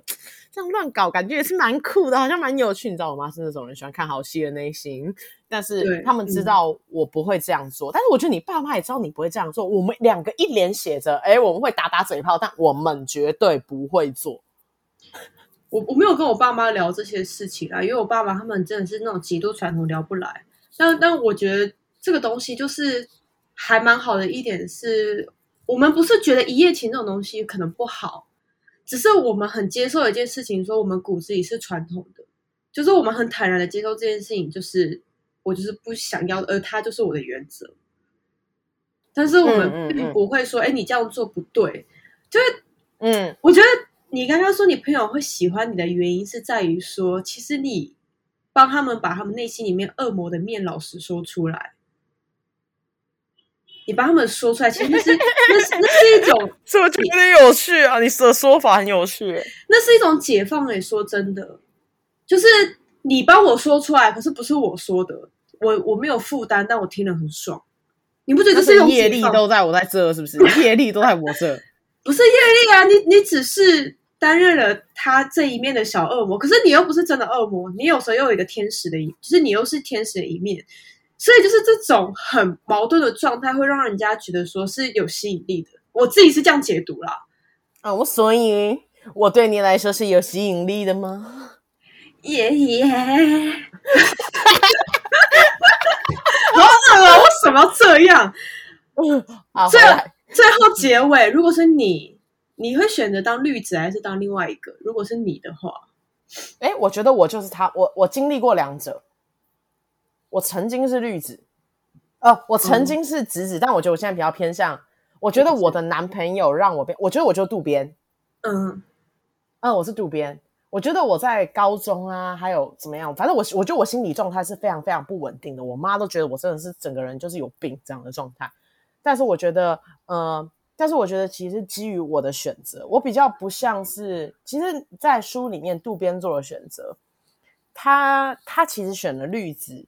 這樣亂搞，感覺也是蠻酷的，好像蠻有趣。你知道，我媽是那種人喜歡看好戲的類型。但是他們知道我不會這樣做、嗯。但是我覺得你爸媽也知道你不會這樣做。我們兩個一臉寫着：“哎，我們會打打嘴炮，但我們絕對不會做。我”我我沒有跟我爸媽聊這些事情啊，因為我爸媽他們真的是那種極度傳統，聊不來。但但我覺得這個東西就是。還蠻好的一點是，我們不是覺得一夜情這種東西可能不好，只是我們很接受一件事情，說我們骨子裡是傳統的，就是我們很坦然的接受這件事情，就是我就是不想要的，而他就是我的原則。但是我們並不會說，哎、嗯嗯嗯欸，你這樣做不對。就是，嗯，我覺得你剛剛說你朋友會喜歡你的原因是在於說，其實你幫他們把他們內心裡面惡魔的面老實說出來。你把他們說出來，其實那是那是那，是那是一種，這 是有點有趣啊！你的說法很有趣，那是一種解放、欸。哎，說真的，就是你幫我說出來，可是不是我說的，我我沒有負擔，但我聽得很爽。你不覺得這是一種？業力都在我在這，是不是？ 業力都在我這，不是業力啊！你你只是擔任了他這一面的小惡魔，可是你又不是真的惡魔，你有時候又有一個天使的一，就是你又是天使的一面。所以就是這種很矛盾的狀態，會讓人家覺得說是有吸引力的。我自己是這樣解讀啦。啊、哦，我所以，我對你來說是有吸引力的嗎？耶、yeah, 耶、yeah！ 好哈、哦！啊、哦！哈！為什麼要這樣？哦， 最最後結尾、嗯，如果是你，你會選擇當綠子還是當另外一個？如果是你的話，哎、欸，我覺得我就是他。我我經歷過兩者。我曾經是綠子，呃，我曾經是直子、嗯，但我覺得我現在比較偏向，我覺得我的男朋友讓我變，我覺得我就渡邊，嗯，嗯、呃，我是渡邊，我覺得我在高中啊，還有怎麼樣，反正我我覺得我心理狀態是非常非常不穩定的，我媽都覺得我真的是整個人就是有病這樣的狀態，但是我覺得，呃，但是我覺得其實基於我的選擇，我比較不像是，其實，在書裡面渡邊做了選擇，他他其實選了綠子。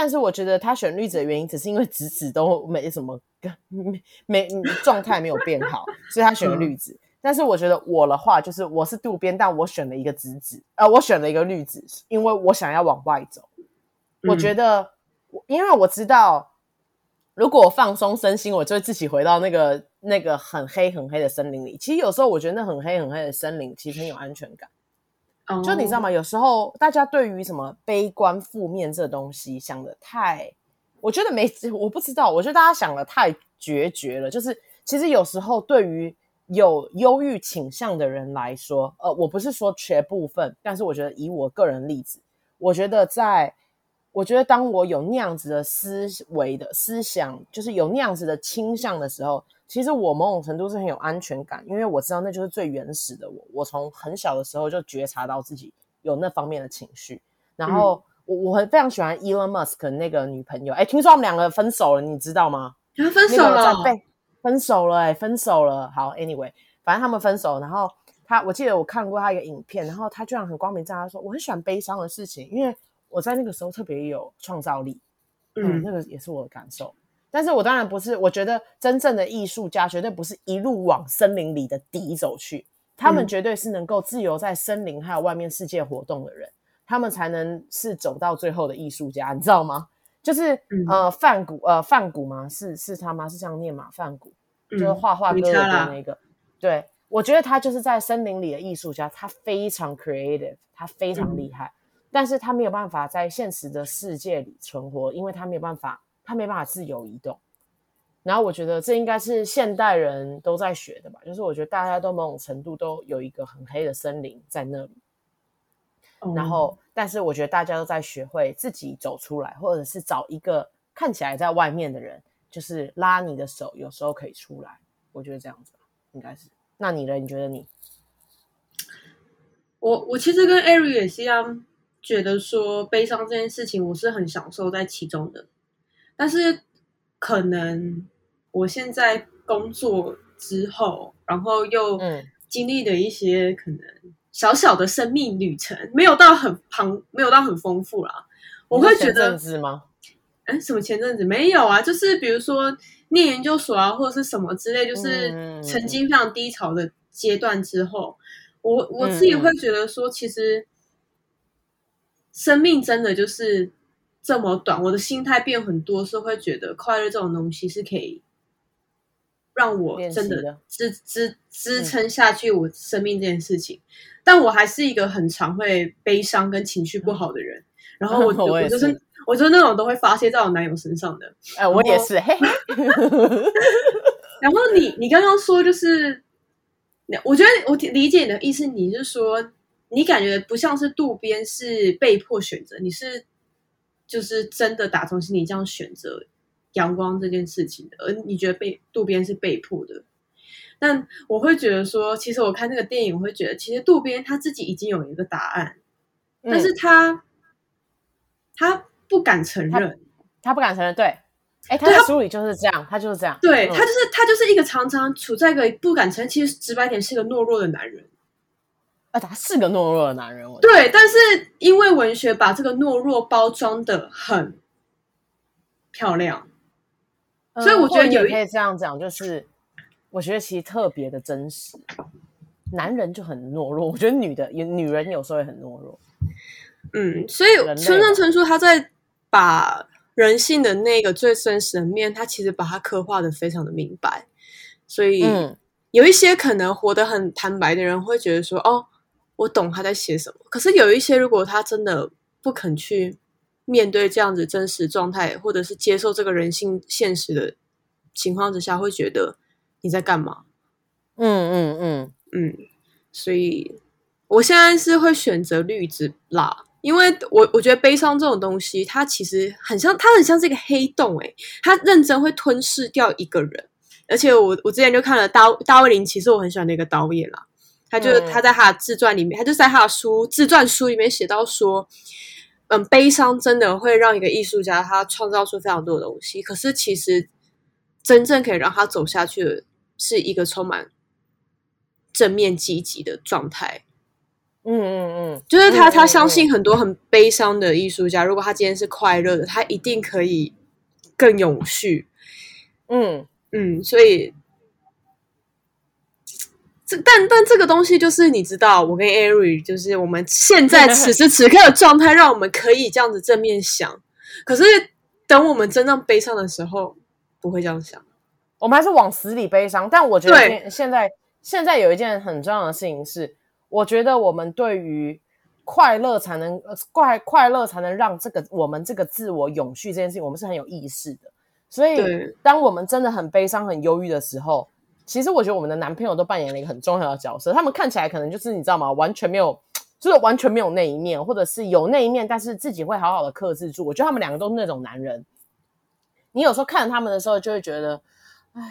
但是我覺得他選綠子的原因，只是因為直子都沒什麼，沒沒狀態，沒有變好，所以他選了綠子、嗯。但是我覺得我的話，就是我是渡邊，但我選了一個直子，呃，我選了一個綠子，因為我想要往外走。嗯、我覺得，因為我知道，如果我放鬆身心，我就會自己回到那個那個很黑很黑的森林裡。其實有時候我覺得那很黑很黑的森林，其實很有安全感。就你知道嗎？Oh. 有時候大家對於什麼悲觀負面這東西想的太，我覺得沒，我不知道，我覺得大家想的太決絕了。就是其實有時候對於有憂鬱傾向的人來說，呃，我不是說全部分，但是我覺得以我個人例子，我覺得在，我覺得當我有那樣子的思維的思想，就是有那樣子的傾向的時候。其實我某種程度是很有安全感，因為我知道那就是最原始的我。我從很小的時候就覺察到自己有那方面的情緒，然後我、嗯、我很非常喜歡 Elon Musk 那個女朋友。誒聽說他們兩個分手了，你知道嗎？分手了？那個、分手了、欸。誒分手了。好，Anyway，反正他們分手。然後他，我記得我看過他一個影片，然後他居然很光明正大說我很喜歡悲傷的事情，因為我在那個時候特別有創造力。嗯，嗯那個也是我的感受。但是我當然不是，我覺得真正的藝術家絕對不是一路往森林裡的底走去，他們絕對是能夠自由在森林還有外面世界活動的人，嗯、他們才能是走到最後的藝術家，你知道嗎？就是、嗯、呃，梵谷，呃，梵谷嘛，是是他嗎？是這樣念嘛梵谷，嗯，就是畫畫歌的那個，對，我覺得他就是在森林裡的藝術家，他非常 creative，他非常厲害，嗯、但是他沒有辦法在現實的世界裡存活，因為他沒有辦法。他沒辦法自由移動，然後我覺得這應該是現代人都在學的吧。就是我覺得大家都某種程度都有一個很黑的森林在那裡，嗯、然後但是我覺得大家都在學會自己走出來，或者是找一個看起來在外面的人，就是拉你的手，有時候可以出來。我覺得這樣子吧，應該是。那你呢？你覺得你？我我其實跟艾瑞也是一樣覺得說，悲傷這件事情，我是很享受在其中的。但是，可能我現在工作之後，然後又經歷的一些可能小小的生命旅程，沒有到很龐，沒有到很豐富啦，我會覺得，前陣子嗎？哎，什麼前陣子？沒有啊，就是比如說念研究所啊，或者是什麼之類，就是曾經非常低潮的階段之後，我我自己會覺得說，其實生命真的就是。這麼短，我的心態變很多，所以會覺得快樂這種東西是可以讓我真的支的支支撐下去我生命這件事情，嗯。但我還是一個很常會悲傷跟情緒不好的人，嗯、然後我就 我是我覺、就、得、是、那種都會發洩在我男友身上的。哎、呃，我也是。嘿， 然後你你剛剛說就是，我覺得我理解你的意思，你就是說你感覺不像是渡邊是被迫選擇，你是？就是真的打從心裡這樣選擇陽光這件事情的，而你覺得被渡邊是被迫的，但我會覺得說，其實我看這個電影，我會覺得其實渡邊他自己已經有一個答案，嗯、但是他他不敢承認他，他不敢承認，對，哎、欸，他的書裡就是這樣他，他就是這樣，對、嗯、他就是他就是一個常常處在一個不敢承認，其實直白一點是一個懦弱的男人。啊、他是個懦弱的男人，對，但是因為文學把這個懦弱包裝得很漂亮，嗯，所以我覺得有一、嗯、一可以這樣講，就是我覺得其實特別的真實，男人就很懦弱，我覺得女的也女人有時候也很懦弱，嗯，所以村上春樹他在把人性的那個最真實的面，他其實把它刻畫得非常的明白，所以有一些可能活得很坦白的人會覺得說，嗯、哦。我懂他在寫什麼，可是有一些，如果他真的不肯去面對這樣子真實狀態，或者是接受這個人性現實的情況之下，會覺得你在幹嘛？嗯嗯嗯嗯。所以，我現在是會選擇綠子啦，因為我我覺得悲傷這種東西，它其實很像，它很像是一個黑洞誒、欸、它認真會吞噬掉一個人。而且我，我我之前就看了大大衛林，其實我很喜歡那個導演啦。他就他在他的自傳裡面，他就在他的書自傳書裡面寫到說，嗯，悲傷真的會讓一個藝術家他創造出非常多的東西，可是其實真正可以讓他走下去的是一個充滿正面積極的狀態。嗯嗯嗯，就是他他相信很多很悲傷的藝術家嗯嗯嗯，如果他今天是快樂的，他一定可以更永續。嗯嗯，所以。這但但這個東西就是你知道，我跟艾瑞就是我們現在此時此刻的狀態，讓我們可以這樣子正面想。 可是等我們真正悲傷的時候，不會這樣想，我們還是往死裡悲傷。但我覺得現在現在有一件很重要的事情是，我覺得我們對於快樂才能快快樂才能讓這個我們這個自我永續這件事情，我們是很有意識的。所以當我們真的很悲傷、很憂鬱的時候。其實我覺得我們的男朋友都扮演了一個很重要的角色。他們看起來可能就是你知道嗎？完全沒有，就是完全沒有那一面，或者是有那一面，但是自己會好好的克制住。我覺得他們兩個都是那種男人。你有時候看着他們的時候，就會覺得，哎，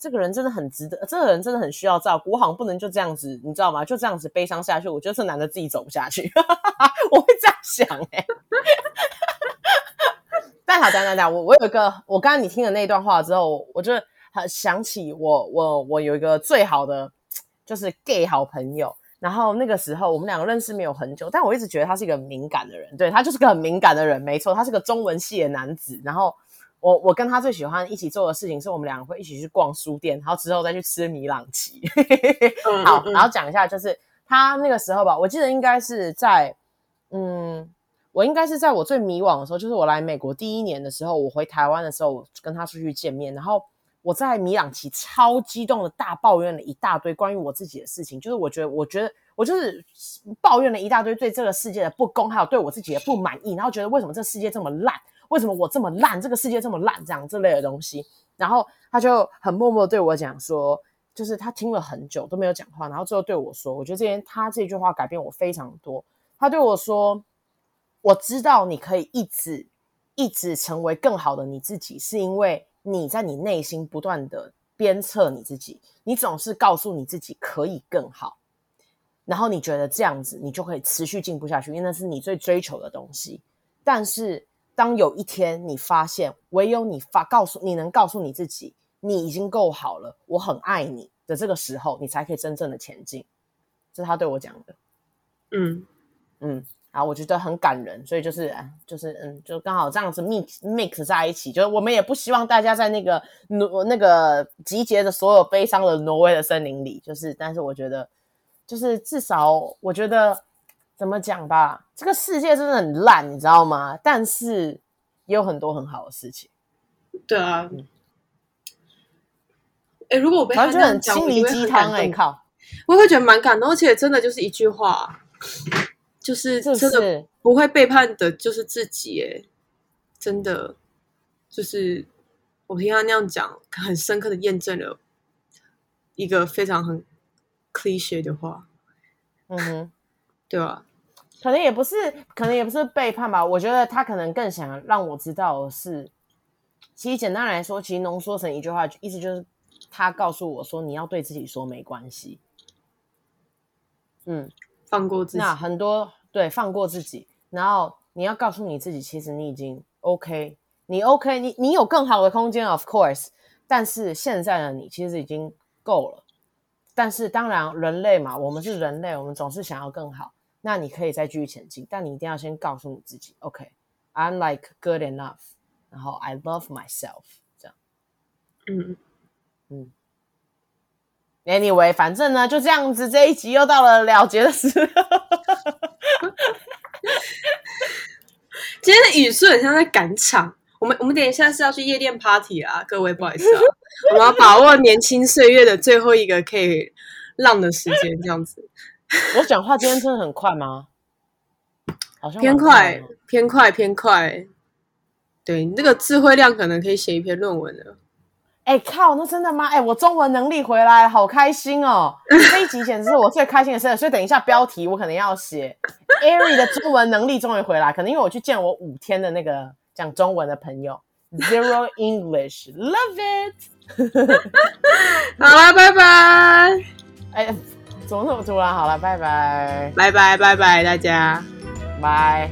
這個人真的很值得，這個人真的很需要照顧。我好像不能就這樣子，你知道嗎？就這樣子悲傷下去，我覺得這男的自己走不下去。哈哈哈哈我會這樣想、欸，哎。 但好講講講，我我有一個，我剛剛你聽的那一段話之後，我我覺得。他想起我，我我有一個最好的就是 gay 好朋友，然後那個時候我們兩個認識沒有很久，但我一直覺得他是一個敏感的人，對，他就是個很敏感的人，沒錯，他是個中文系的男子。然後我我跟他最喜歡一起做的事情是我們兩個會一起去逛書店，然後之後再去吃米朗奇。 好，然後講一下，就是他那個時候吧，我記得應該是在嗯，我應該是在我最迷惘的時候，就是我來美國第一年的時候，我回台灣的時候我跟他出去見面，然後。我在米朗奇超激動的大抱怨了一大堆關於我自己的事情，就是我覺得，我覺得我就是抱怨了一大堆對這個世界的不公，還有對我自己的不滿意，然後覺得為什麼這個世界這麼爛，為什麼我這麼爛，這個世界這麼爛這樣之類的東西。然後他就很默默對我講說，就是他聽了很久都沒有講話，然後最後對我說，我覺得這天他這句話改變我非常多。他對我說，我知道你可以一直一直成為更好的你自己，是因為。你在你內心不斷的鞭策你自己，你總是告訴你自己可以更好，然後你覺得這樣子你就可以持續進步下去，因為那是你最追求的東西。但是當有一天你發現唯有你發告訴你能告訴你自己你已經夠好了，我很愛你的這個時候，你才可以真正的前進。這是他對我講的。嗯嗯。啊，我覺得很感人，所以就是，哎、就是，嗯，就剛好這樣子 mix, mix 在一起，就是我們也不希望大家在那個挪、那個集結的所有悲傷的挪威的森林裡，就是，但是我覺得，就是至少我覺得怎麼講吧，這個世界真的很爛，你知道嗎？但是也有很多很好的事情。對啊，哎、嗯、欸，如果我被他就很心靈雞湯哎，我會、欸、靠我會覺得蠻感動，而且真的就是一句話、啊。就是真的不會背叛的，就是自己、欸、真的，就是我聽他那樣講，很深刻的驗證了一個非常很 cliche 的話，嗯哼， 對吧、啊？可能也不是，可能也不是背叛吧。我覺得他可能更想讓我知道的是，其實簡單來說，其實濃縮成一句話，意思就是他告訴我說，你要對自己說沒關係，嗯。放過自己，那很多對放過自己，然後你要告訴你自己，其實你已經 OK，你 OK，你你有更好的空間 of course，但是現在的你其實已經夠了。但是當然，人類嘛，我們是人類，我們總是想要更好。那你可以再繼續前進，但你一定要先告訴你自己，OK，I'm like good enough，然後 I love myself，這樣。嗯嗯。anyway，反正呢就這樣子，這一集又到了了結的時候。今天的語速很像在趕場。我們我們等一下是要去夜店 party 啊，各位不好意思啊， 我們要把握年輕歲月的最後一個可以浪的時間，這樣子。我講話今天真的很快嗎？好像偏快，偏快，偏快。對你那個智慧量，可能可以寫一篇論文了。哎靠！那真的嗎？哎，我中文能力回來，好開心哦！這一集簡直是我最開心的事。 所以等一下標題我可能要寫，Eri 的中文能力終於回來，可能因為我去見我五天的那個講中文的朋友，Zero English Love It。 好了，拜拜！哎，怎麼這麼突然？好了，拜拜，拜拜拜拜，大家，拜。